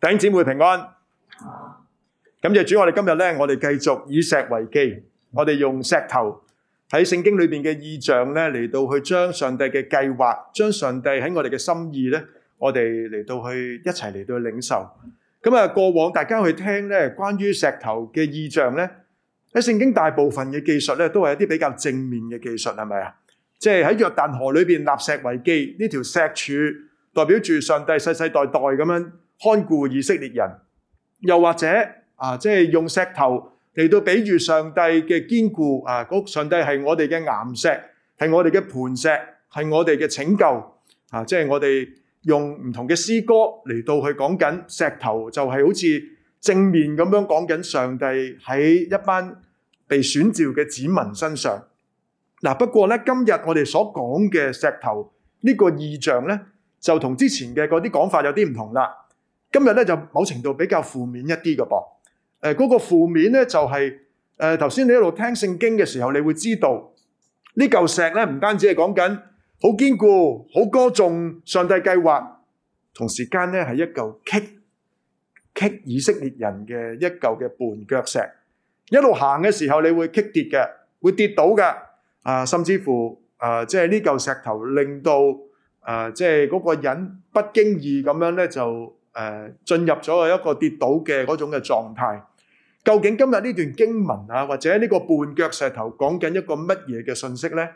弟兄姊妹平安，感謝主，我哋今日咧，我哋繼續以石為記，我哋用石頭喺聖經裏邊嘅意象咧，嚟到去將上帝嘅計劃，將上帝喺我哋嘅心意咧，我哋嚟到去一齊嚟到領受。咁啊，過往大家去聽咧，關於石頭嘅意象咧，喺聖經大部分嘅技術咧，都係一啲比較正面嘅技術，係咪啊？即係喺約旦河裏邊立石為記，呢條石柱，代表住上帝世世代代咁樣。看顧以色列人，又或者啊，即係用石頭嚟到比喻上帝嘅堅固啊！嗰上帝係我哋嘅岩石，係我哋嘅磐石，係我哋嘅拯救啊！即係我哋用唔同嘅詩歌嚟到去講緊石頭，就係好似正面咁樣講緊上帝喺一班被選召嘅子民身上。嗱，不過咧，今日我哋所講嘅石頭呢個意象咧，就同之前嘅嗰啲講法有啲唔同啦。今日咧就某程度比較負面一啲嘅噃，誒，嗰個負面咧就係，誒，頭先你一路聽聖經嘅時候，你會知道呢嚿石咧唔單止係講緊好堅固、好歌頌上帝計劃，同時間咧係一嚿棘棘以色列人嘅一嚿嘅絆腳石，一路行嘅時候你會棘跌嘅，會跌倒嘅，啊甚至乎啊，即係呢嚿石頭令到啊，即係嗰個人不經意咁樣咧就。誒，進入咗一個跌倒嘅嗰種嘅狀態。究竟今日呢段經文啊，或者呢個絆腳石頭講緊一個乜嘢嘅信息咧？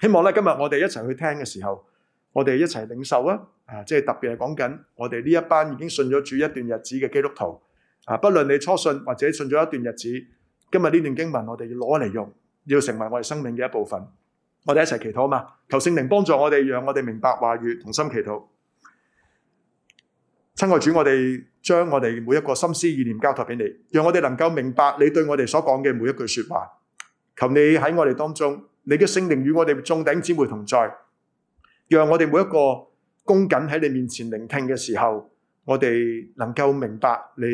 希望咧今日我哋一齊去聽嘅時候，我哋一齊領受啊！啊，即係特別係講緊我哋呢一班已經信咗主一段日子嘅基督徒啊，不論你初信或者信咗一段日子，今日呢段經文我哋要攞嚟用，要成為我哋生命嘅一部分。我哋一齊祈禱啊嘛，求聖靈幫助我哋，讓我哋明白話語，同心祈禱。親愛主，我哋將我哋每一個心思意念交託俾你，讓我哋能夠明白你對我哋所講嘅每一句說話。求你喺我哋當中，你嘅聖靈與我哋眾頂姊妹同在。讓我哋每一個恭謹喺你面前聆聽嘅時候，我哋能夠明白你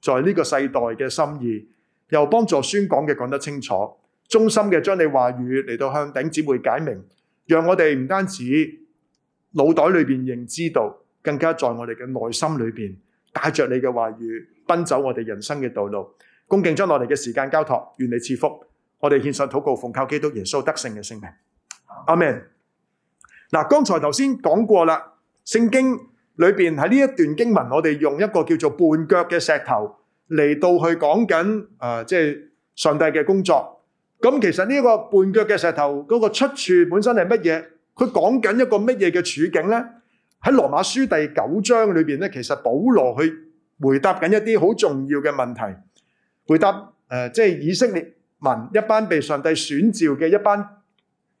在呢個世代嘅心意，又幫助宣講嘅講得清楚，忠心嘅將你話語嚟到向頂姊妹解明。讓我哋唔單止腦袋裏邊認知道。更加在我哋嘅內心裏邊，帶着你嘅話語奔走我哋人生嘅道路。恭敬將我哋嘅時間交託，願你賜福。我哋獻上禱告，奉靠基督耶穌得勝嘅聖名。阿門。嗱，剛才頭先講過啦，聖經裏邊喺呢一段經文，我哋用一個叫做絆腳嘅石頭嚟到去講緊，誒，即係上帝嘅工作。咁其實呢個絆腳嘅石頭嗰個出處本身係乜嘢？佢講緊一個乜嘢嘅處境呢？喺羅馬書第九章裏邊咧，其實保羅去回答緊一啲好重要嘅問題，回答誒，即、呃、係、就是、以色列民一班被上帝選召嘅一班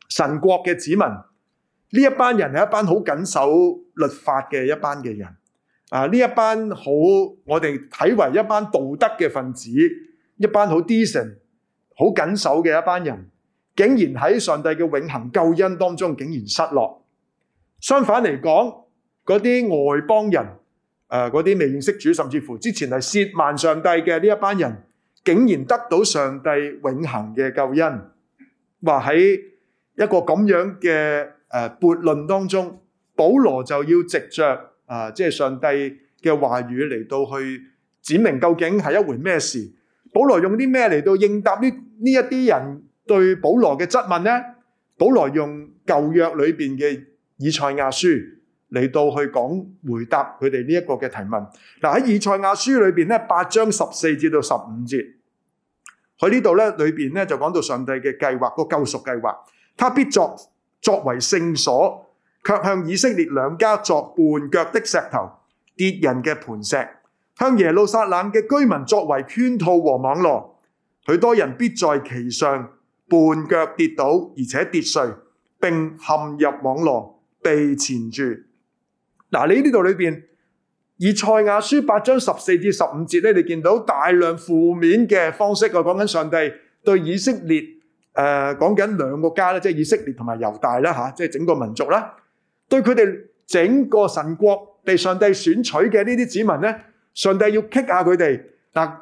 神國嘅子民，呢一班人係一班好緊守律法嘅一班嘅人，啊，呢一班好我哋睇為一班道德嘅分子，一班好 decent 好緊守嘅一班人，竟然喺上帝嘅永恆救恩當中竟然失落。相反嚟講，嗰啲外邦人，誒嗰啲未認識主，甚至乎之前係褻慢上帝嘅呢一班人，竟然得到上帝永恆嘅救恩。話喺一個咁樣嘅誒辯論當中，保羅就要藉着啊，即係上帝嘅話語嚟到去展明究竟係一回咩事。保羅用啲咩嚟到應答呢呢一啲人對保羅嘅質問呢？保羅用舊約裏邊嘅以賽亞書。嚟到去講回答佢哋呢一個嘅提問。嗱，喺以賽亞書裏邊呢，八章十四至到十五節，喺呢度呢裏邊呢，就講到上帝嘅計劃，個救贖計劃。他必作作為聖所，卻向以色列兩家作絆腳的石頭，跌人嘅磐石；向耶路撒冷嘅居民作為圈套和網羅，許多人必在其上絆腳跌倒，而且跌碎，並陷入網羅，被纏住。嗱，你呢度裏邊以賽亞書八章十四至十五節咧，你見到大量負面嘅方式啊，講緊上帝對以色列誒，講緊兩個家咧，即係以色列同埋猶大啦吓，即係整個民族啦，對佢哋整個神國被上帝選取嘅呢啲子民咧，上帝要 kick 下佢哋。嗱，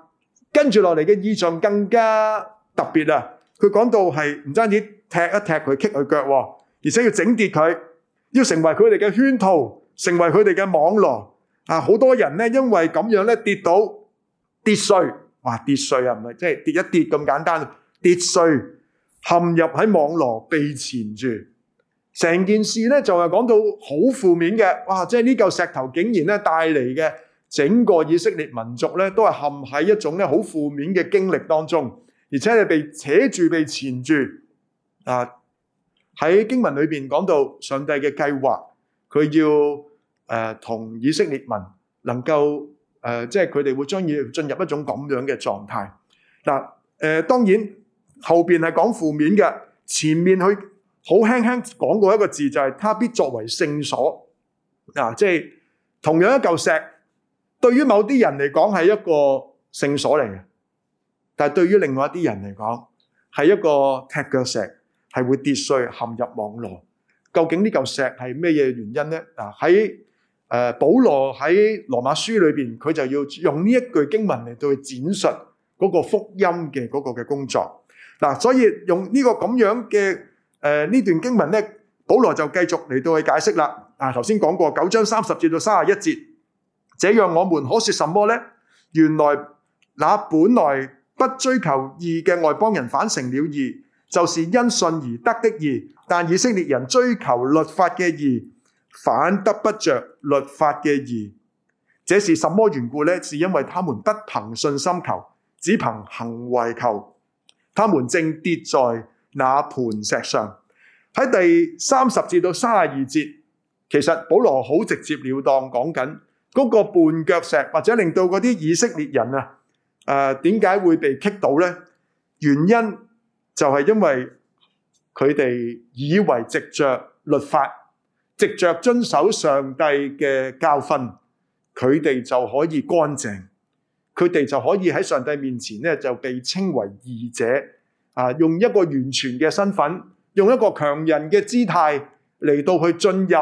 跟住落嚟嘅意象更加特別啊！佢講到係唔單止踢一踢佢，kick 佢腳，而且要整跌佢，要成為佢哋嘅圈套。成為佢哋嘅網絡啊！好多人咧，因為咁樣咧，跌倒跌碎，哇跌碎啊，唔係即係跌一跌咁簡單，跌碎陷入喺網絡被纏住。成件事咧就係講到好負面嘅，哇！即係呢嚿石頭竟然咧帶嚟嘅整個以色列民族咧，都係陷喺一種咧好負面嘅經歷當中，而且係被扯住、被纏住啊！喺經文裏邊講到上帝嘅計劃。佢要誒同以色列民能夠誒，即係佢哋會將要進入一種咁樣嘅狀態。嗱誒，當然後邊係講負面嘅，前面佢好輕輕講過一個字，就係他必作為聖所。嗱，即係同樣一嚿石，對於某啲人嚟講係一個聖所嚟嘅，但係對於另外一啲人嚟講係一個踢腳石，係會跌碎陷入網羅。究竟呢嚿石係咩嘢原因咧？嗱，喺誒保羅喺羅馬書裏邊，佢就要用呢一句經文嚟對佢展述嗰個福音嘅嗰個嘅工作。嗱，所以用呢個咁樣嘅誒呢段經文咧，保羅就繼續嚟到去解釋啦。嗱，頭先講過九章三十節到三十一節，這樣我們可説什麼呢？原來那本來不追求義嘅外邦人反成了義，就是因信而得的義。但以色列人追求律法嘅義，反得不着律法嘅義，這是什麼緣故呢？是因為他們不憑信心求，只憑行為求，他們正跌在那磐石上。喺第三十至到三十二節，其實保羅好直接了當講緊嗰個絆腳石，或者令到嗰啲以色列人啊，誒點解會被棘到咧？原因就係因為。佢哋以為執着律法，執着遵守上帝嘅教訓，佢哋就可以乾淨，佢哋就可以喺上帝面前呢，就被稱為義者。啊，用一個完全嘅身份，用一個強人嘅姿態嚟到去進入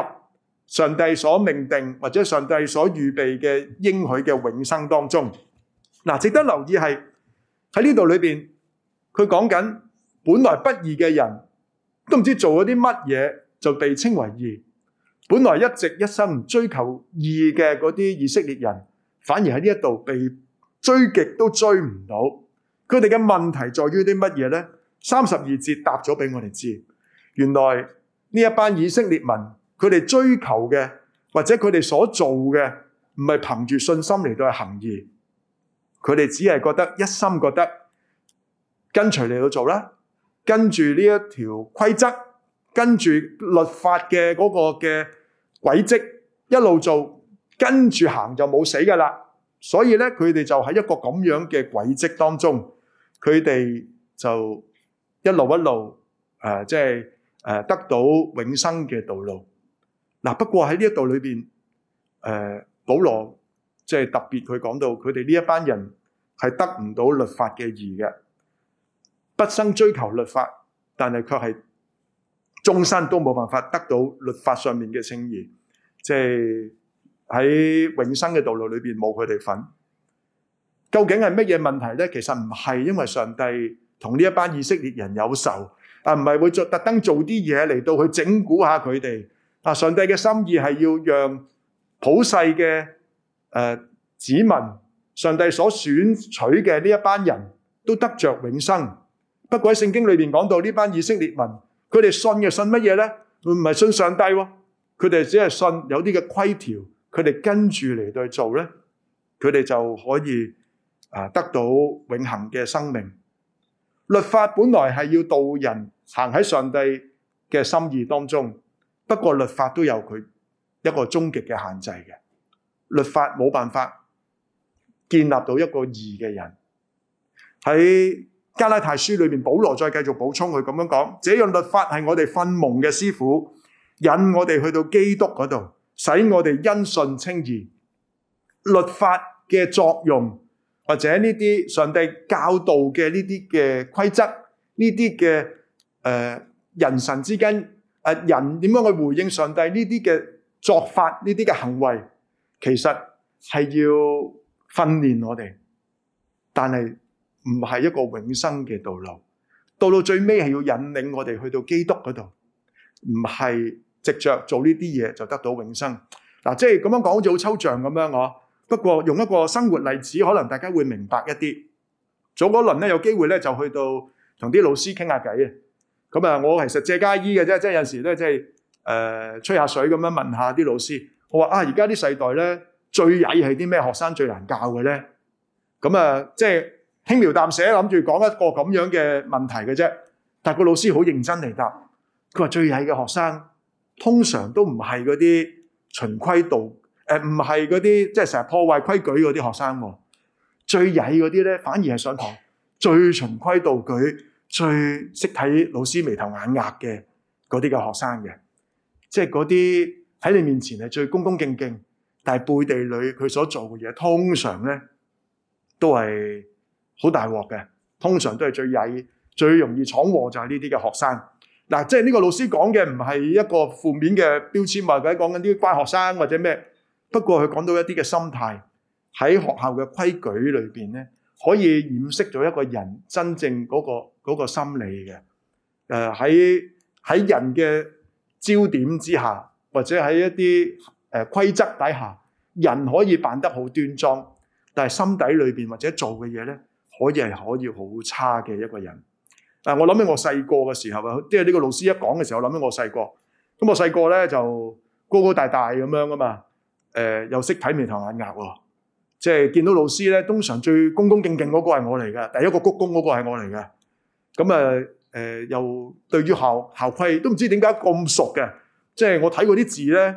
上帝所命定或者上帝所預備嘅應許嘅永生當中。嗱、啊，值得留意係喺呢度裏邊，佢講緊本來不義嘅人。都唔知做咗啲乜嘢，就被稱為義。本來一直一心追求義嘅嗰啲以色列人，反而喺呢一度被追極都追唔到。佢哋嘅問題在於啲乜嘢呢？三十二節答咗俾我哋知，原來呢一班以色列民，佢哋追求嘅或者佢哋所做嘅，唔係憑住信心嚟到去行義。佢哋只係覺得一心覺得跟隨你去做啦。跟住呢一條規則，跟住律法嘅嗰個嘅軌跡一路做，跟住行就冇死㗎喇。所以咧，佢哋就喺一個咁樣嘅軌跡當中，佢哋就一路一路誒，即係誒得到永生嘅道路。嗱，不過喺呢一度裏邊，誒保羅即係特別，佢講到佢哋呢一班人係得唔到律法嘅義嘅。畢生追求律法，但係卻係終生都冇辦法得到律法上面嘅稱義，即係喺永生嘅道路裏邊冇佢哋份。究竟係乜嘢問題呢？其實唔係因為上帝同呢一班以色列人有仇，啊唔係會做特登做啲嘢嚟到去整蠱下佢哋。啊，上帝嘅心意係要讓普世嘅誒、呃、子民，上帝所選取嘅呢一班人都得着永生。不過喺聖經裏邊講到呢班以色列民，佢哋信嘅，信乜嘢呢？唔係信上帝，佢哋只係信有啲嘅規條，佢哋跟住嚟去做呢，佢哋就可以啊得到永恆嘅生命。律法本來係要導人行喺上帝嘅心意當中，不過律法都有佢一個終極嘅限制嘅，律法冇辦法建立到一個義嘅人喺。加拉太書裏面，保羅再繼續補充佢咁樣講，這樣律法係我哋訓蒙嘅師傅，引我哋去到基督嗰度，使我哋因信稱義。律法嘅作用或者呢啲上帝教導嘅呢啲嘅規則，呢啲嘅誒人神之間誒人點樣去回應上帝呢啲嘅作法呢啲嘅行為，其實係要訓練我哋，但係。唔係一個永生嘅道路，到到最尾係要引領我哋去到基督嗰度，唔係直着做呢啲嘢就得到永生。嗱、啊，即係咁樣講就好抽象咁樣哦。不過用一個生活例子，可能大家會明白一啲。早嗰輪咧有機會咧就去到同啲老師傾下偈啊。咁啊，我其實借家醫嘅啫，即係有時咧即係誒吹下水咁樣問,問下啲老師。我話啊，而家啲世代咧最曳係啲咩學生最難教嘅咧？咁啊，即係。輕描淡寫諗住講一個咁樣嘅問題嘅啫，但係個老師好認真嚟答。佢話最曳嘅學生通常都唔係嗰啲循規蹈，誒唔係嗰啲即係成日破壞規矩嗰啲學生。最曳嗰啲咧，反而係上堂最循規蹈矩、最識睇老師眉頭眼額嘅嗰啲嘅學生嘅，即係嗰啲喺你面前係最恭恭敬敬，但係背地裏佢所做嘅嘢通常咧都係。好大鑊嘅，通常都係最曳、最容易闖禍就係呢啲嘅學生。嗱、啊，即係呢個老師講嘅唔係一個負面嘅標籤或者係講緊啲乖學生或者咩。不過佢講到一啲嘅心態喺學校嘅規矩裏邊咧，可以掩飾咗一個人真正嗰、嗰個、嗰個心理嘅。誒、呃，喺喺人嘅焦點之下，或者喺一啲誒規則底下，人可以扮得好端莊，但係心底裏邊或者做嘅嘢咧。可以係可以好差嘅一個人，但我諗起我細個嘅時候啊，即係呢個老師一講嘅時候，我諗起我細個，咁我細個咧就高高大大咁樣噶嘛，誒、呃、又識睇眉頭眼額喎，即係見到老師咧，通常最恭恭敬敬嗰個係我嚟噶，第一個鞠躬嗰個係我嚟嘅，咁啊誒又對於校校規都唔知點解咁熟嘅，即係我睇過啲字咧，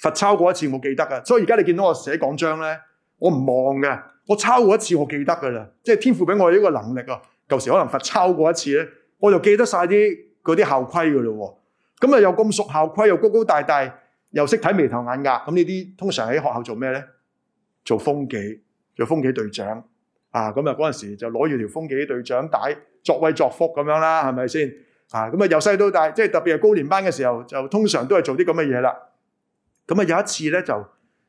罰抄過一次我記得噶，所以而家你見到我寫講章咧，我唔望嘅。我，抄過，我，我抄過一次，我記得㗎啦。即係天賦俾天父畀我呢個能力啊！舊時可能罰抄過一次咧，我就記得晒啲嗰啲校規㗎咯。咁啊，又咁熟校規，又高高大大，又識睇眉頭眼額。咁呢啲通常喺學校做咩咧？做風紀，做風紀隊長啊！咁啊，嗰陣時就攞住條風紀隊長帶，作威作福咁樣啦，係咪先啊？咁啊，由細到大，即係特別係高年班嘅時候，就通常都係做啲咁嘅嘢啦。咁啊，有一次咧，就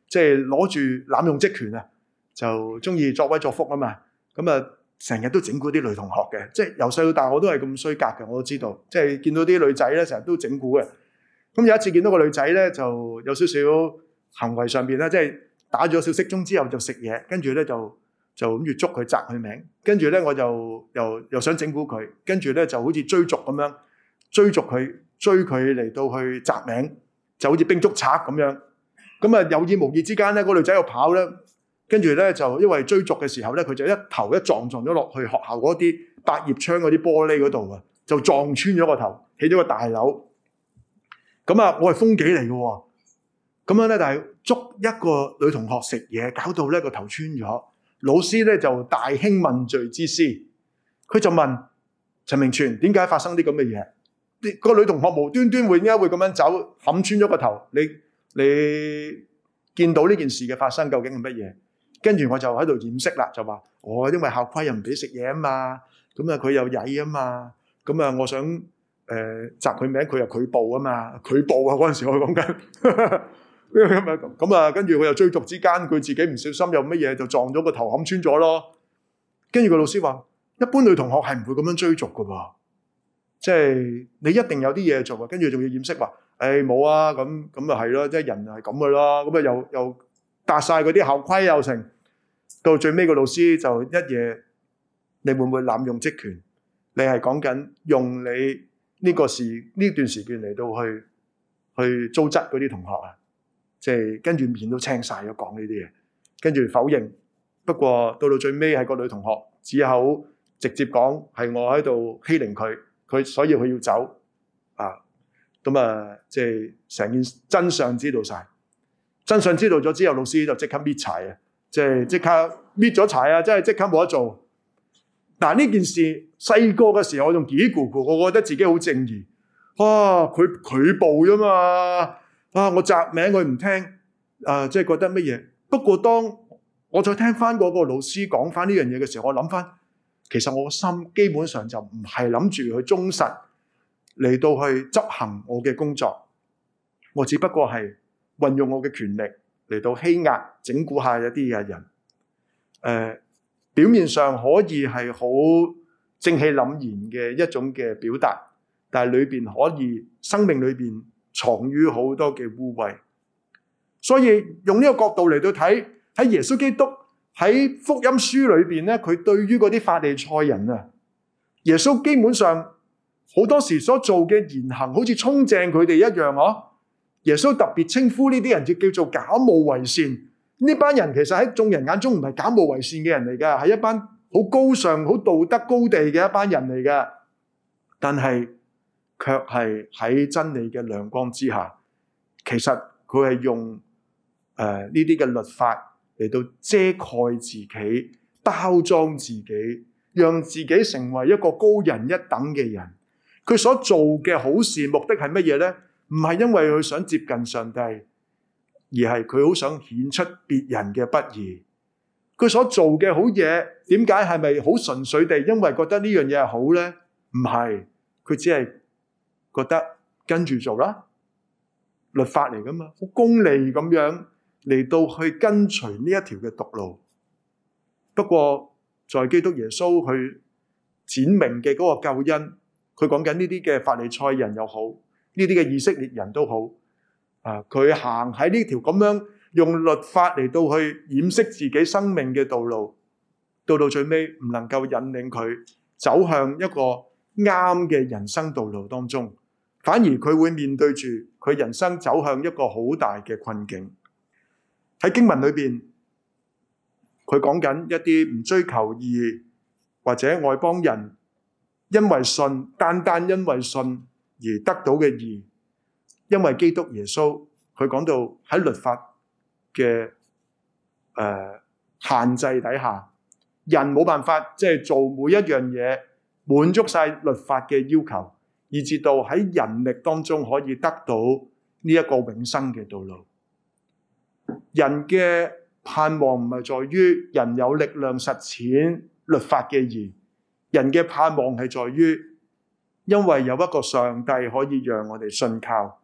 即係攞住濫用職權啊！就中意作威作福啊嘛！咁啊，成日都整蠱啲女同學嘅，即係由細到大我都係咁衰格嘅，我都知道。即係見到啲女仔咧，成日都整蠱嘅。咁有一次見到個女仔咧，就有少少行為上邊咧，即係打咗少少鐘之後就食嘢，跟住咧就就諗住捉佢摘佢名，跟住咧我就又又想整蠱佢，跟住咧就好似追逐咁樣追逐佢，追佢嚟到去摘名，就好似兵捉賊咁樣。咁啊有意無意之間咧，個女仔又跑啦。跟住咧就因為追逐嘅時候咧，佢就一頭一撞撞咗落去學校嗰啲百葉窗嗰啲玻璃嗰度啊，就撞穿咗個頭，起咗個大瘤。咁啊，我係風紀嚟嘅，咁樣咧，但係捉一個女同學食嘢，搞到咧個頭穿咗。老師咧就大興問罪之師，佢就問陳明泉：「點解發生啲咁嘅嘢？嗰個女同學無端端會點解會咁樣走，冚穿咗個頭？你你見到呢件事嘅發生，究竟係乜嘢？」跟住我就喺度掩飾啦，就話我因為校規又唔俾食嘢啊嘛，咁啊佢又曳啊嘛，咁啊我想誒摘佢名，佢又拒報啊嘛，拒報啊嗰陣時我講緊，咁啊跟住我又追逐之間，佢自己唔小心又乜嘢就撞咗個頭冚穿咗咯。跟住個老師話：一般女同學係唔會咁樣追逐噶噃，即係你一定有啲嘢做啊。跟住仲要掩飾話：誒冇啊，咁咁啊係咯，即係人係咁噶咯。咁啊又又搭曬嗰啲校規又成。到最尾個老師就一夜，你會唔會濫用職權？你係講緊用你呢個時呢段時間嚟到去去租質嗰啲同學啊。即係跟住面都青晒咗講呢啲嘢，跟住否認。不過到到最尾係個女同學，只好直接講係我喺度欺凌佢，佢所以佢要走啊。咁啊，即係成件真相知道晒，真相知道咗之後，老師就即刻搣柴啊。即係即刻搣咗柴啊！真係即刻冇得做。但呢件事細個嘅時候，我仲嘰嘰咕咕，我覺得自己好正義。哇、啊！佢舉報啫嘛，啊！我摘名佢唔聽，啊！即係覺得乜嘢？不過當我再聽翻嗰個老師講翻呢樣嘢嘅時候，我諗翻，其實我心基本上就唔係諗住去忠實嚟到去執行我嘅工作。我只不過係運用我嘅權力。嚟到欺壓、整蠱下一啲嘅人，誒、呃，表面上可以係好正氣凜然嘅一種嘅表達，但係裏邊可以生命裏邊藏於好多嘅污穢，所以用呢個角度嚟到睇喺耶穌基督喺福音書裏邊咧，佢對於嗰啲法利賽人啊，耶穌基本上好多時所做嘅言行，好似衝正佢哋一樣哦。耶穌特別稱呼呢啲人就叫做假冒為善。呢班人其實喺眾人眼中唔係假冒為善嘅人嚟噶，係一班好高尚、好道德高地嘅一班人嚟噶。但係卻係喺真理嘅亮光之下，其實佢係用誒呢啲嘅律法嚟到遮蓋自己、包裝自己，讓自己成為一個高人一等嘅人。佢所做嘅好事目的係乜嘢呢？唔係因為佢想接近上帝，而係佢好想顯出別人嘅不義。佢所做嘅好嘢，點解係咪好純粹地因為覺得呢樣嘢係好呢？唔係，佢只係覺得跟住做啦。律法嚟噶嘛，好功利咁樣嚟到去跟隨呢一條嘅道路。不過在基督耶穌佢展明嘅嗰個救恩，佢講緊呢啲嘅法利賽人又好。呢啲嘅以色列人都好啊，佢行喺呢條咁樣用律法嚟到去掩飾自己生命嘅道路，到到最尾唔能夠引領佢走向一個啱嘅人生道路當中，反而佢會面對住佢人生走向一個好大嘅困境。喺經文裏邊，佢講緊一啲唔追求意義或者外邦人，因為信，單單因為信。而得到嘅義，因為基督耶穌，佢講到喺律法嘅誒限制底下，人冇辦法即係做每一樣嘢滿足曬律法嘅要求，以至到喺人力當中可以得到呢一個永生嘅道路。人嘅盼望唔係在於人有力量實踐律法嘅義，人嘅盼望係在於。因為有一個上帝可以讓我哋信靠，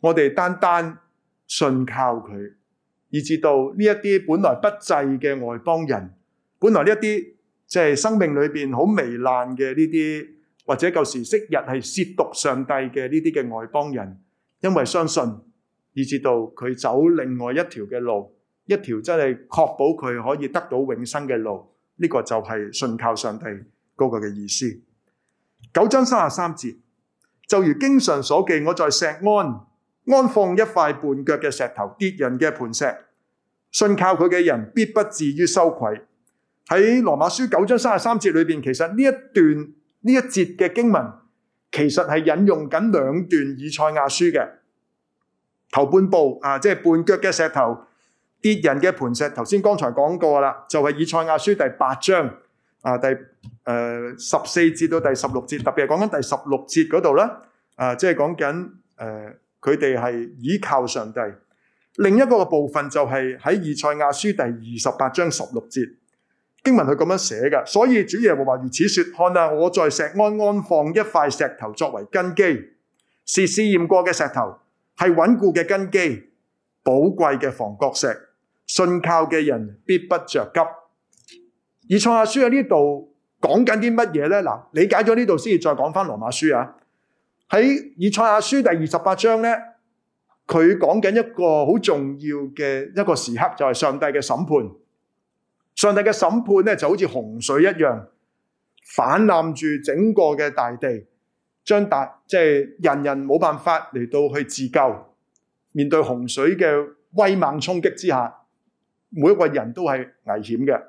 我哋單單信靠佢，以至到呢一啲本來不濟嘅外邦人，本來呢一啲即係生命裏邊好糜爛嘅呢啲，或者舊時昔日係褻瀆上帝嘅呢啲嘅外邦人，因為相信，以至到佢走另外一條嘅路，一條真係確保佢可以得到永生嘅路，呢個就係信靠上帝嗰個嘅意思。九章三十三節，就如經上所記，我在錫安安放一塊絆腳嘅石頭，跌人嘅磐石，信靠佢嘅人必不至於羞愧。喺羅馬書九章三十三節裏邊，其實呢一段呢一節嘅經文，其實係引用緊兩段以賽亞書嘅頭半部啊，即係絆腳嘅石頭，跌人嘅磐石。頭先剛才講過啦，就係、是、以賽亞書第八章。啊，第誒、呃、十四節到第十六節，特別係講緊第十六節嗰度啦，啊、呃，即係講緊誒佢哋係倚靠上帝。另一個部分就係喺以賽亞書第二十八章十六節經文，佢咁樣寫嘅。所以主耶穌話：如此説，看啊，我在錫安安放一塊石頭作為根基，是試驗過嘅石頭，係穩固嘅根基，寶貴嘅房角石。信靠嘅人必不着急。以賽亞書喺呢度講緊啲乜嘢呢？嗱，理解咗呢度先至再講翻羅馬書啊！喺以賽亞書第二十八章呢，佢講緊一個好重要嘅一個時刻，就係上帝嘅審判。上帝嘅審判呢，就好似洪水一樣，泛濫住整個嘅大地，將大即係人人冇辦法嚟到去自救。面對洪水嘅威猛衝擊之下，每一個人都係危險嘅。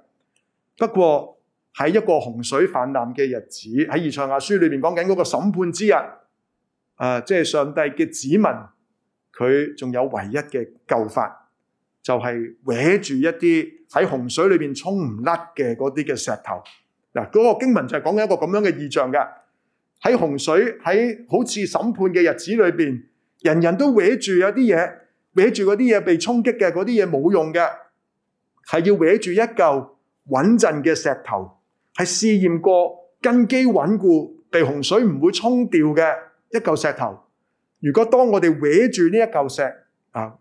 不過喺一個洪水泛濫嘅日子，喺《以賽亞書》裏邊講緊嗰個審判之日，誒、呃，即係上帝嘅子民，佢仲有唯一嘅救法，就係、是、搵住一啲喺洪水裏邊衝唔甩嘅嗰啲嘅石頭。嗱，嗰個經文就係講緊一個咁樣嘅異象嘅，喺洪水喺好似審判嘅日子裏邊，人人都搵住有啲嘢，搵住嗰啲嘢被衝擊嘅嗰啲嘢冇用嘅，係要搵住一嚿，穩陣嘅石頭係試驗過根基穩固、被洪水唔會沖掉嘅一嚿石頭。如果當我哋搲住呢一嚿石啊，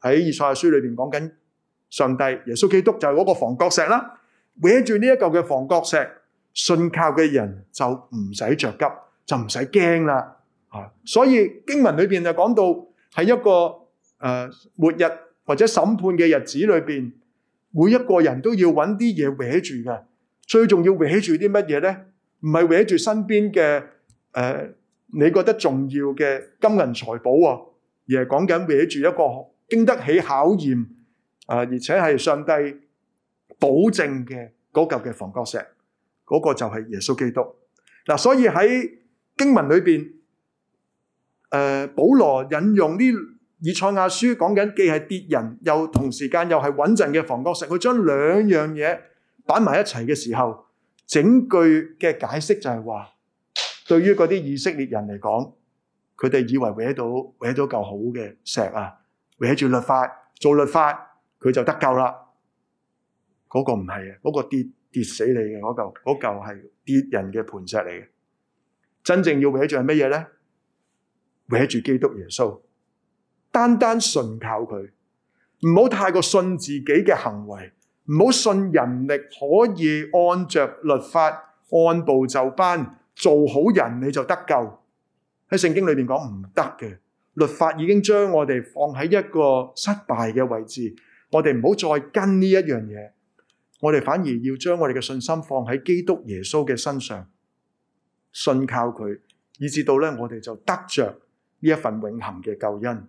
喺以賽亞書裏邊講緊上帝、耶穌基督就係嗰個房角石啦。搲住呢一嚿嘅房角石，信靠嘅人就唔使着急，就唔使驚啦啊！所以經文裏邊就講到喺一個誒末日或者審判嘅日子裏邊。每一個人都要揾啲嘢搲住嘅，最重要搲住啲乜嘢咧？唔係搲住身邊嘅，誒你覺得重要嘅金銀財寶啊，而係講緊搲住一個經得起考驗啊，而且係上帝保證嘅嗰嚿嘅房角石，嗰個就係耶穌基督。嗱，所以喺經文裏邊，誒保羅引用呢。以賽亞書講緊既係跌人，又同時間又係穩陣嘅房角石。佢將兩樣嘢擺埋一齊嘅時候，整句嘅解釋就係話，對於嗰啲以色列人嚟講，佢哋以為搲到搲到嚿好嘅石啊，搲住律法做律法，佢就得救啦。嗰個唔係啊，嗰個跌跌死你嘅嗰嚿，嗰嚿係跌人嘅磐石嚟嘅。真正要搲住係乜嘢咧？搲住基督耶穌。單單信靠佢，唔好太過信自己嘅行為，唔好信人力可以按着律法按部就班做好人，你就得救。喺聖經裏面講唔得嘅，律法已經將我哋放喺一個失敗嘅位置。我哋唔好再跟呢一樣嘢，我哋反而要將我哋嘅信心放喺基督耶穌嘅身上，信靠佢，以至到呢，我哋就得着呢一份永恆嘅救恩。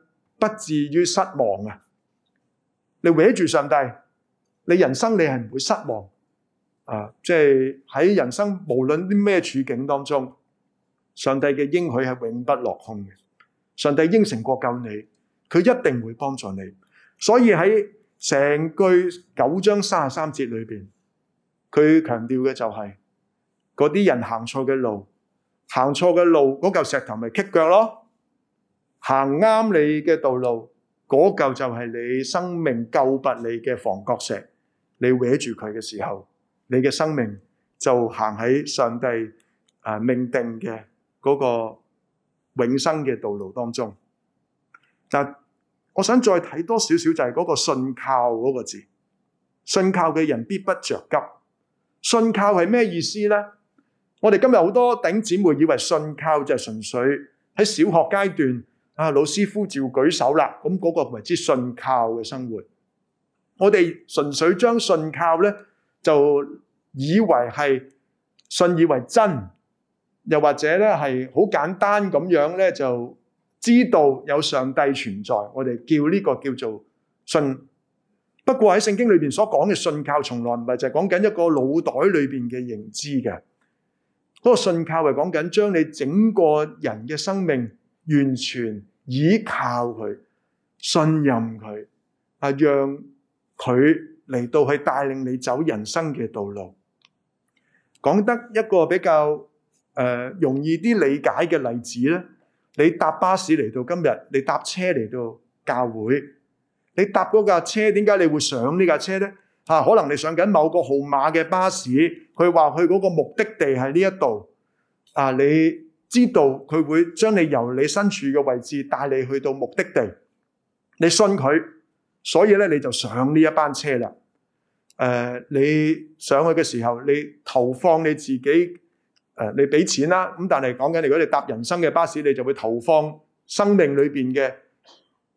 不至於失望啊！你握住上帝，你人生你係唔會失望啊！即係喺人生無論啲咩處境當中，上帝嘅應許係永不落空嘅。上帝應承過救你，佢一定會幫助你。所以喺成句九章三十三節裏邊，佢強調嘅就係嗰啲人行錯嘅路，行錯嘅路，嗰嚿石頭咪棘腳咯。行啱你嘅道路，嗰嚿就係你生命救拔你嘅房角石。你搲住佢嘅時候，你嘅生命就行喺上帝啊命定嘅嗰個永生嘅道路當中。嗱，我想再睇多少少就係嗰個信靠嗰個字。信靠嘅人必不着急。信靠係咩意思呢？我哋今日好多頂姊妹以為信靠就係純粹喺小學階段。啊！老師呼召舉手啦，咁嗰個為之信靠嘅生活，我哋純粹將信靠呢就以為係信以為真，又或者呢係好簡單咁樣呢就知道有上帝存在。我哋叫呢個叫做信。不過喺聖經裏邊所講嘅信靠，從來唔係就係講緊一個腦袋裏邊嘅認知嘅，嗰個信靠係講緊將你整個人嘅生命。完全依靠佢，信任佢，啊，讓佢嚟到去帶領你走人生嘅道路。講得一個比較誒容易啲理解嘅例子咧，你搭巴士嚟到今日，你搭車嚟到教會，你搭嗰架車，點解你會上呢架車咧？啊，可能你上緊某個號碼嘅巴士，佢話佢嗰個目的地係呢一度，啊，你。知道佢會將你由你身處嘅位置帶你去到目的地，你信佢，所以咧你就上呢一班車啦。誒、呃，你上去嘅時候，你投放你自己誒、呃，你俾錢啦。咁但係講緊，如果你搭人生嘅巴士，你就會投放生命裏邊嘅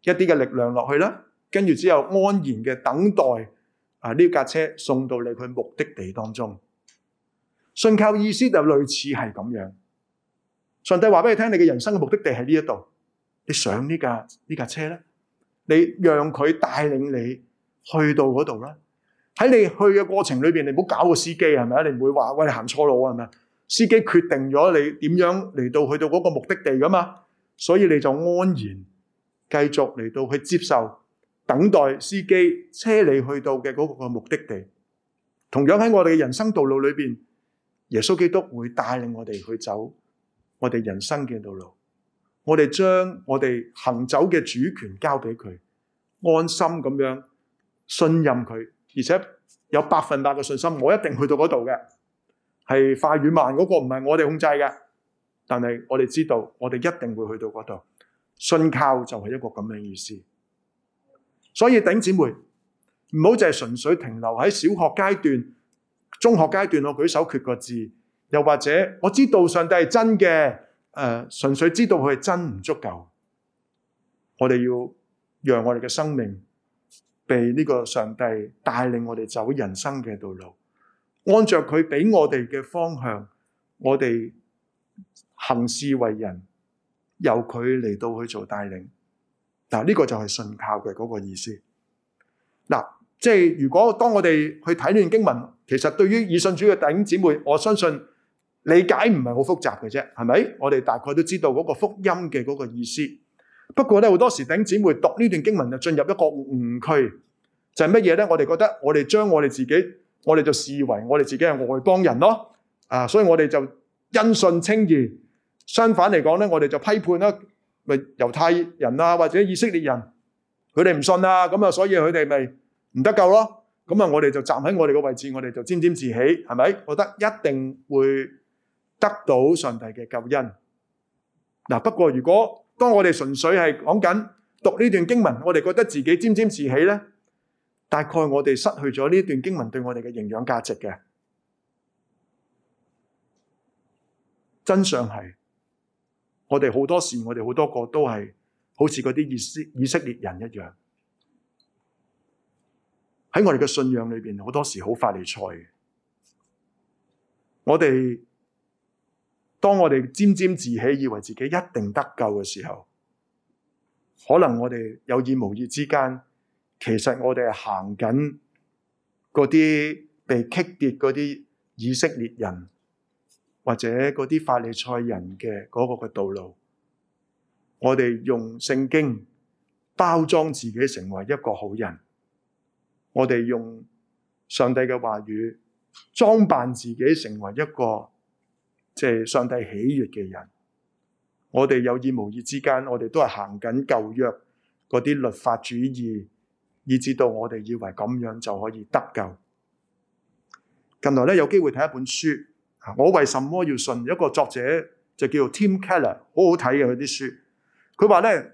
一啲嘅力量落去啦。跟住之後，安然嘅等待啊呢架車送到你去目的地當中，信靠意思就類似係咁樣。上帝話俾你聽，你嘅人生嘅目的地係呢一度，你上呢架呢架車咧，你讓佢帶領你去到嗰度啦。喺你去嘅過程裏邊，你唔好搞個司機係咪啊？你唔會話喂，你行錯路係咪啊？司機決定咗你點樣嚟到去到嗰個目的地噶嘛所以你就安然繼續嚟到去接受，等待司機車你去到嘅嗰個目的地。同樣喺我哋嘅人生道路裏邊，耶穌基督會帶領我哋去走。我哋人生嘅道路，我哋將我哋行走嘅主權交俾佢，安心咁樣信任佢，而且有百分百嘅信心，我一定去到嗰度嘅。係快與慢嗰個唔係我哋控制嘅，但係我哋知道，我哋一定會去到嗰度。信靠就係一個咁樣嘅意思。所以頂姊妹唔好淨係純粹停留喺小學階段、中學階段，我舉手缺個字。又或者我知道上帝係真嘅，誒、呃，純粹知道佢係真唔足夠，我哋要讓我哋嘅生命被呢個上帝帶領我哋走人生嘅道路，按照佢俾我哋嘅方向，我哋行事為人由佢嚟到去做帶領。嗱、這、呢個就係信靠嘅嗰個意思。嗱，即係如果當我哋去睇呢段經文，其實對於已信主嘅弟兄姊妹，我相信。理解唔係好複雜嘅啫，係咪？我哋大概都知道嗰個福音嘅嗰個意思。不過咧，好多時弟兄姊妹讀呢段經文就進入一個誤區，就係乜嘢咧？我哋覺得我哋將我哋自己，我哋就視為我哋自己係外邦人咯。啊，所以我哋就因信稱義。相反嚟講咧，我哋就批判啦，咪猶太人啊或者以色列人，佢哋唔信啊，咁啊，所以佢哋咪唔得救咯。咁啊，我哋就站喺我哋個位置，我哋就沾沾自喜，係咪？我覺得一定會。得到上帝嘅救恩嗱。不過，如果當我哋純粹係講緊讀呢段經文，我哋覺得自己沾沾自喜咧，大概我哋失去咗呢段經文對我哋嘅營養價值嘅。真相係我哋好多時，我哋好多個都係好似嗰啲以色以色列人一樣，喺我哋嘅信仰裏邊，好多時好法利賽嘅，我哋。當我哋沾沾自喜，以為自己一定得救嘅時候，可能我哋有意無意之間，其實我哋係行緊嗰啲被絆跌嗰啲以色列人或者嗰啲法利賽人嘅嗰個嘅道路。我哋用聖經包裝自己成為一個好人，我哋用上帝嘅話語裝扮自己成為一個。即係上帝喜悦嘅人，我哋有意無意之間，我哋都係行緊舊約嗰啲律法主義，以至到我哋以為咁樣就可以得救。近來咧，有機會睇一本書，我為什麼要信？一個作者就叫做 Tim Keller，好好睇嘅佢啲書。佢話咧，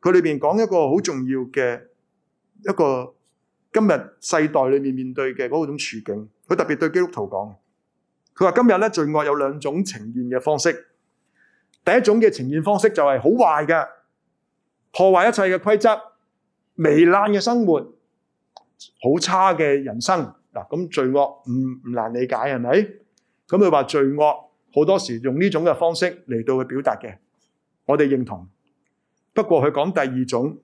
佢裏邊講一個好重要嘅一個今日世代裏面面對嘅嗰種處境。佢特別對基督徒講。佢話：今日咧，罪惡有兩種呈現嘅方式。第一種嘅呈現方式就係好壞嘅，破壞一切嘅規則，糜爛嘅生活，好差嘅人生。嗱，咁罪惡唔唔難理解，係咪？咁佢話罪惡好多時用呢種嘅方式嚟到去表達嘅，我哋認同。不過佢講第二種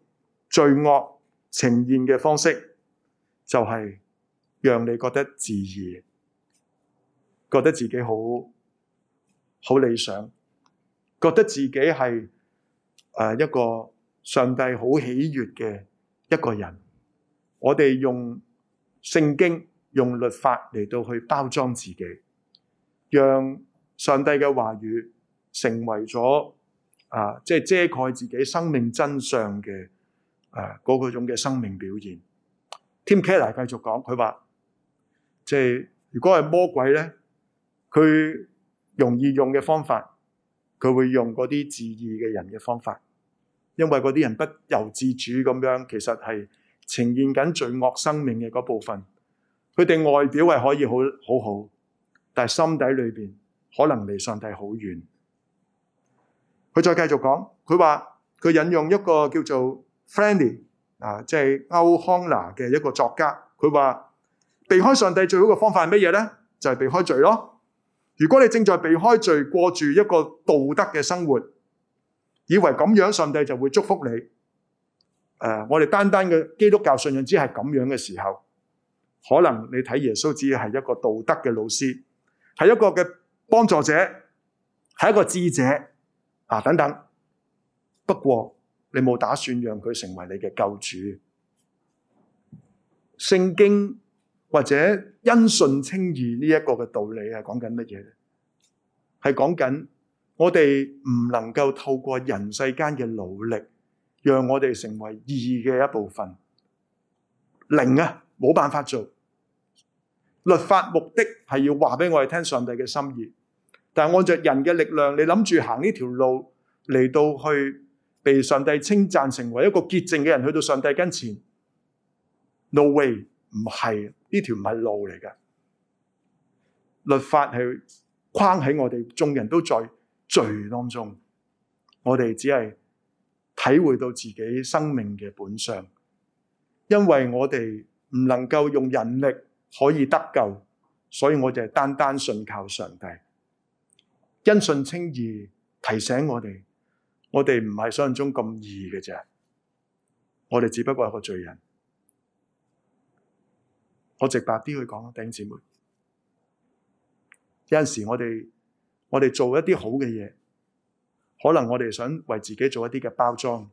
罪惡呈現嘅方式，就係讓你覺得自疑。覺得自己好好理想，覺得自己係誒一個上帝好喜悅嘅一個人。我哋用聖經、用律法嚟到去包裝自己，讓上帝嘅話語成為咗啊，即係遮蓋自己生命真相嘅誒嗰嗰種嘅生命表現。Tim Keller 繼續講，佢話即係如果係魔鬼咧。佢容易用嘅方法，佢會用嗰啲自義嘅人嘅方法，因為嗰啲人不由自主咁樣，其實係呈現緊罪惡生命嘅嗰部分。佢哋外表係可以好好好，但係心底裏邊可能離上帝好遠。佢再繼續講，佢話佢引用一個叫做 Flannery 啊，即係歐康娜嘅一個作家，佢話避開上帝最好嘅方法係乜嘢呢？就係、是、避開罪咯。如果你正在避開罪，過住一個道德嘅生活，以為咁樣上帝就會祝福你，誒，我哋單單嘅基督教信仰只係咁樣嘅時候，可能你睇耶穌只係一個道德嘅老師，係一個嘅幫助者，係一個智者啊等等。不過你冇打算讓佢成為你嘅救主，聖經。或者因信稱義呢一個嘅道理係講緊乜嘢？係講緊我哋唔能夠透過人世間嘅努力，讓我哋成為義嘅一部分。零啊，冇辦法做。律法目的係要話俾我哋聽上帝嘅心意，但係按着人嘅力量，你諗住行呢條路嚟，到去被上帝稱讚成為一個潔淨嘅人，去到上帝跟前，No way，唔係。呢條唔係路嚟嘅，律法係框喺我哋，眾人都在罪當中，我哋只係體會到自己生命嘅本相，因為我哋唔能夠用人力可以得救，所以我就單單信靠上帝。因信稱義提醒我哋，我哋唔係想象中咁易嘅啫，我哋只不過係個罪人。我直白啲去講，啊，弟兄姊妹，有陣時我哋我哋做一啲好嘅嘢，可能我哋想為自己做一啲嘅包裝，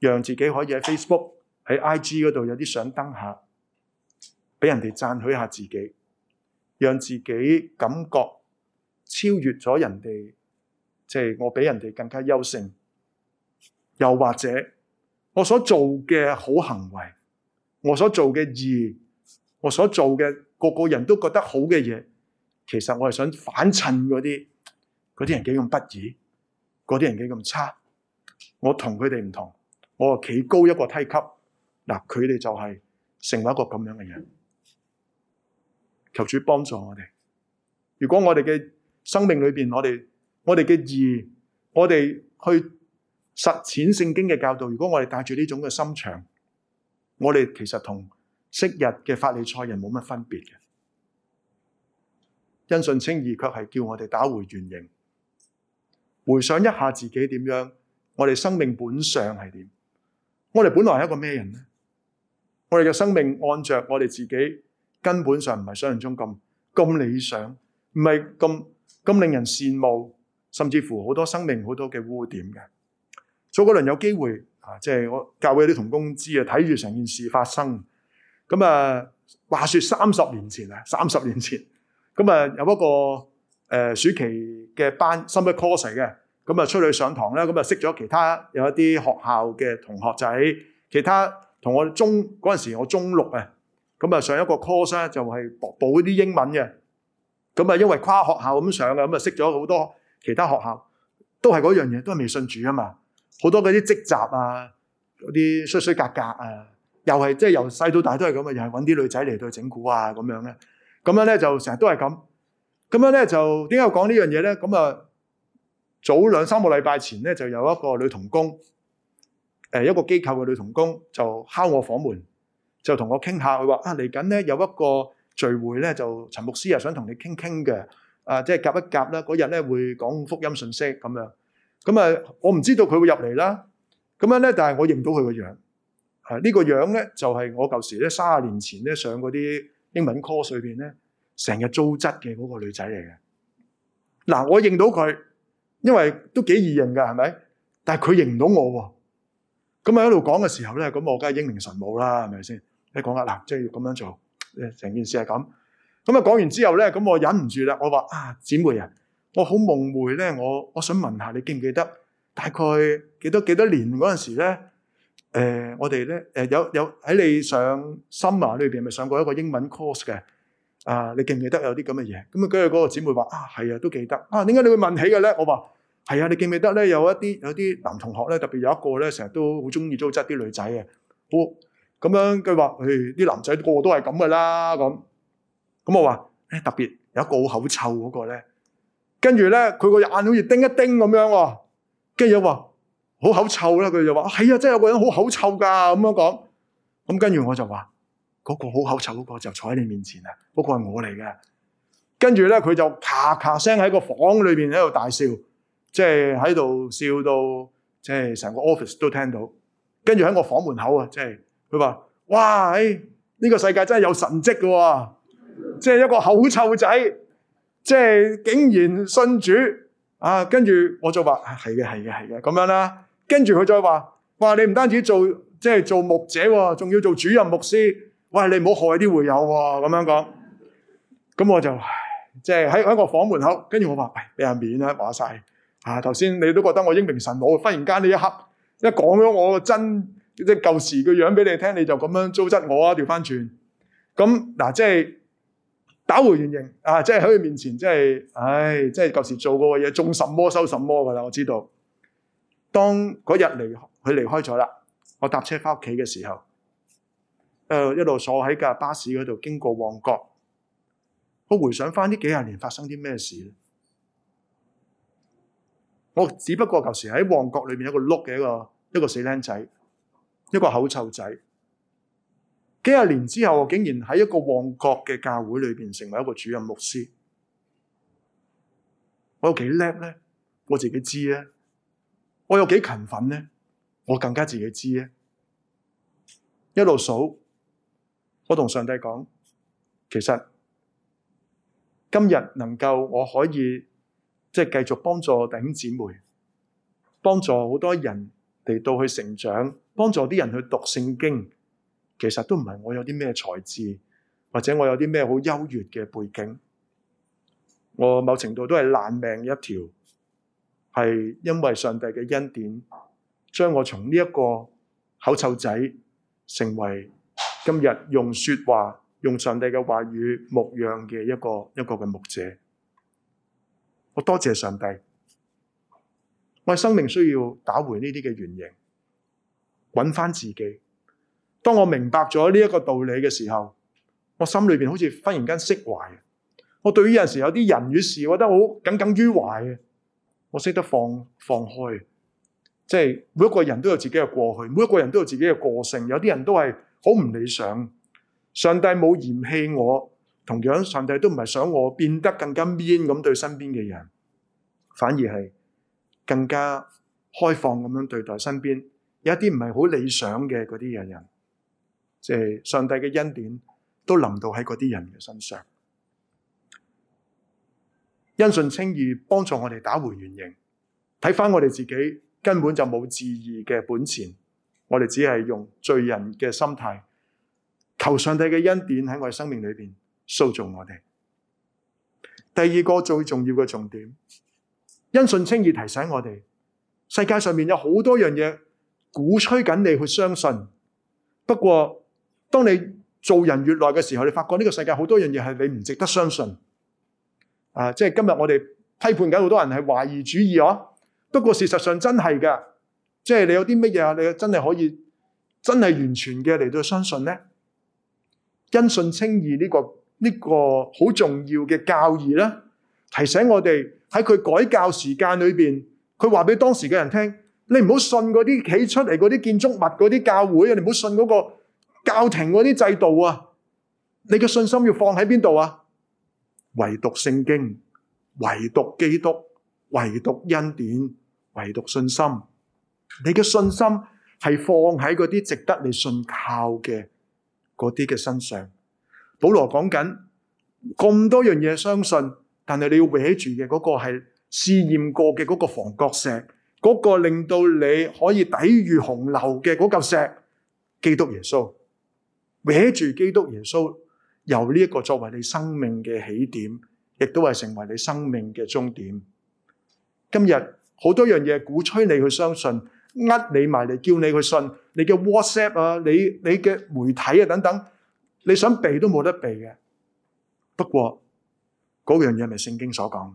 讓自己可以喺 Facebook、喺 IG 嗰度有啲相登下，俾人哋讚許下自己，讓自己感覺超越咗人哋，即係我比人哋更加優勝。又或者我所做嘅好行為，我所做嘅義。我所做嘅，個個人都覺得好嘅嘢，其實我係想反襯嗰啲嗰啲人幾咁不義，嗰啲人幾咁差。我同佢哋唔同，我企高一個梯級。嗱，佢哋就係成為一個咁樣嘅人。求主幫助我哋。如果我哋嘅生命裏邊，我哋我哋嘅義，我哋去實踐聖經嘅教導。如果我哋帶住呢種嘅心腸，我哋其實同。昔日嘅法利賽人冇乜分別嘅，因信稱義卻係叫我哋打回原形。回想一下自己點樣，我哋生命本相係點？我哋本來係一個咩人呢？我哋嘅生命按着我哋自己根本上唔係想象中咁咁理想，唔係咁咁令人羨慕，甚至乎好多生命好多嘅污點嘅。早嗰輪有機會啊，即係我教會啲同工知啊，睇住成件事發生。咁啊，話説三十年前啊，三十年前，咁啊有一個誒暑期嘅班，summer course 嘅，咁啊出去上堂啦，咁啊識咗其他有一啲學校嘅同學仔，其他同我中嗰陣時，我中六啊，咁啊上一個 course 咧就係補補啲英文嘅，咁啊因為跨學校咁上啊，咁啊識咗好多其他學校，都係嗰樣嘢，都係未信主啊嘛，好多嗰啲積習啊，嗰啲衰衰格格啊。又係即係由細到大都係咁啊！又係揾啲女仔嚟到整蠱啊咁樣咧，咁樣咧就成日都係咁。咁樣咧就點解我講呢樣嘢咧？咁啊，早兩三個禮拜前咧就有一個女同工，誒，一個機構嘅女同工就敲我房門，就同我傾下。佢話啊嚟緊咧有一個聚會咧，就陳牧師啊想同你傾傾嘅，啊即係夾一夾啦。嗰日咧會講福音信息咁樣。咁啊，我唔知道佢會入嚟啦。咁樣咧，但係我認唔到佢個樣。呢個樣咧，就係我舊時咧三廿年前咧上嗰啲英文科上邊咧，成日糟質嘅嗰個女仔嚟嘅。嗱，我認到佢，因為都幾易認㗎，係咪？但係佢認唔到我喎。咁啊喺度講嘅時候咧，咁我梗係英明神武啦，係咪先？你講下，嗱，即係要咁樣做，成件事係咁。咁啊講完之後咧，咁我忍唔住啦，我話啊，姊妹啊，我好夢回咧，我我想問下你記唔記得，大概幾多幾多年嗰陣時咧？誒，我哋咧，誒有有喺你上 summer 裏邊咪上過一個英文 course 嘅，啊，你記唔記得有啲咁嘅嘢？咁啊，跟住嗰個姊妹話啊，係啊，都記得。啊，點解你會問起嘅咧？我話係啊，你記唔記得咧？有一啲有啲男同學咧，特別有一個咧，成日都好中意糟質啲女仔嘅，咁咁樣佢話，誒，啲男仔個個都係咁噶啦，咁咁我話，誒，特別有一個好口臭嗰個咧，跟住咧，佢個眼好似盯一盯咁樣，跟住又話。好口臭啦！佢就話：係啊，真係有個人好口臭噶，咁樣講。咁跟住我就話：嗰個好口臭嗰個就坐喺你面前啊！嗰個係我嚟嘅。跟住咧，佢就咔咔聲喺個房裏邊喺度大笑，即係喺度笑到即係成個 office 都聽到。跟住喺我房門口啊，即係佢話：哇！哎，呢個世界真係有神蹟嘅喎！即係一個口臭仔，即係竟然信主啊！跟住我就話：係嘅，係嘅，係嘅，咁樣啦。跟住佢再話：話你唔單止做即係做牧者，仲要做主任牧師。喂，你唔好害啲會友喎。咁樣講，咁我就即係喺喺個房門口。跟住我話：喂、哎，俾下面啦，話晒。啊，頭先你都覺得我英明神武，忽然間你一吓，一講咗我個真即係舊時嘅樣俾你聽，你就咁樣糟質我啊，調翻轉。咁嗱，即係打回原形啊！即係喺佢面前，即係唉、哎，即係舊時做過嘅嘢，種什麼收什麼噶啦，我知道。當嗰日離佢離開咗啦，我搭車翻屋企嘅時候，誒、呃，一路坐喺架巴士嗰度經過旺角，我回想翻呢幾廿年發生啲咩事咧。我只不過舊時喺旺角裏面個一個碌嘅一個一個死僆仔，一個口臭仔。幾廿年之後，我竟然喺一個旺角嘅教會裏邊成為一個主任牧師，我有幾叻咧？我自己知啊。我有幾勤奮呢？我更加自己知咧。一路數，我同上帝講，其實今日能夠我可以即係繼續幫助弟兄姊妹，幫助好多人嚟到去成長，幫助啲人去讀聖經。其實都唔係我有啲咩才智，或者我有啲咩好優越嘅背景。我某程度都係爛命一條。係因為上帝嘅恩典，將我從呢一個口臭仔，成為今日用說話、用上帝嘅話語牧養嘅一個一個嘅牧者。我多謝上帝，我生命需要打回呢啲嘅原形，揾翻自己。當我明白咗呢一個道理嘅時候，我心裏邊好似忽然間釋懷。我對於有陣時有啲人與事，我覺得好耿耿於懷嘅。我識得放放開，即係每一個人都有自己嘅過去，每一個人都有自己嘅個性。有啲人都係好唔理想，上帝冇嫌棄我，同樣上帝都唔係想我變得更加 mean 咁對身邊嘅人，反而係更加開放咁樣對待身邊。有一啲唔係好理想嘅嗰啲人，人即係上帝嘅恩典都臨到喺嗰啲人嘅身上。因信稱義幫助我哋打回原形，睇翻我哋自己根本就冇自義嘅本錢，我哋只係用罪人嘅心態求上帝嘅恩典喺我哋生命裏邊塑造我哋。第二個最重要嘅重點，因信稱義提醒我哋，世界上面有好多樣嘢鼓吹緊你去相信，不過當你做人越耐嘅時候，你發覺呢個世界好多樣嘢係你唔值得相信。啊！即係今日我哋批判緊好多人係懷疑主義哦。不過事實上真係噶即係你有啲乜嘢，你真係可以真係完全嘅嚟到相信呢？因信稱義呢、呢個呢、呢個好重要嘅教義啦，提醒我哋喺佢改教時間裏邊，佢話俾當時嘅人聽：你唔好信嗰啲起出嚟嗰啲建築物、嗰啲教會啊，你唔好信嗰個教廷嗰啲制度啊，你嘅信心要放喺邊度啊？唯獨聖經，唯獨基督，唯獨恩典，唯獨信心。你嘅信心係放喺嗰啲值得你信靠嘅嗰啲嘅身上。保羅講緊咁多樣嘢相信，但係你要搲住嘅嗰個係試驗過嘅嗰個房角石，嗰、嗰個令到你可以抵禦洪流嘅嗰嚿石。基督耶穌搲住基督耶穌。由呢一個作為你生命嘅起點，亦都係成為你生命嘅終點。今日好多樣嘢鼓吹你去相信，呃，你埋嚟叫你去信，你嘅 WhatsApp 啊，你你嘅媒體啊等等，你想避都冇得避嘅。不過嗰樣嘢係咪聖經所講？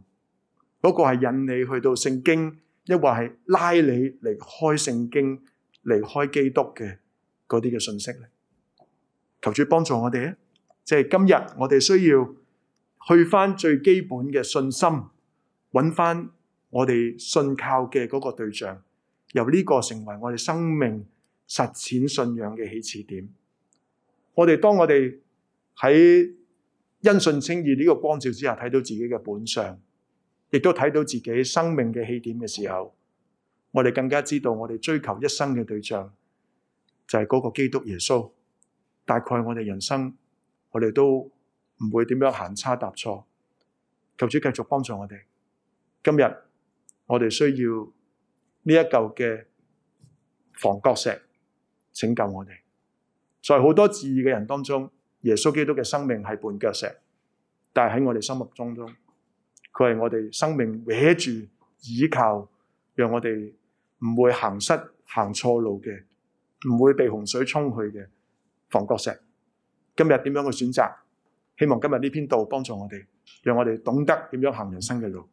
嗰個係引你去到聖經，一或係拉你嚟開聖經，離開基督嘅嗰啲嘅信息咧？求主幫助我哋啊！即係今日，我哋需要去翻最基本嘅信心，揾翻我哋信靠嘅嗰個對象，由呢個成為我哋生命實踐信仰嘅起始點。我哋當我哋喺因信稱義呢個光照之下睇到自己嘅本相，亦都睇到自己生命嘅起點嘅時候，我哋更加知道我哋追求一生嘅對象就係、是、嗰個基督耶穌。大概我哋人生。我哋都唔會點樣行差踏錯，求主繼續幫助我哋。今日我哋需要呢一嚿嘅房角石拯救我哋。在好多自義嘅人當中，耶穌基督嘅生命係絆腳石，但係喺我哋心目當中，佢係我哋生命搲住倚靠，讓我哋唔會行失行錯路嘅，唔會被洪水沖去嘅房角石。今日點樣嘅選擇，希望今日呢篇道幫助我哋，讓我哋懂得點樣行人生嘅路。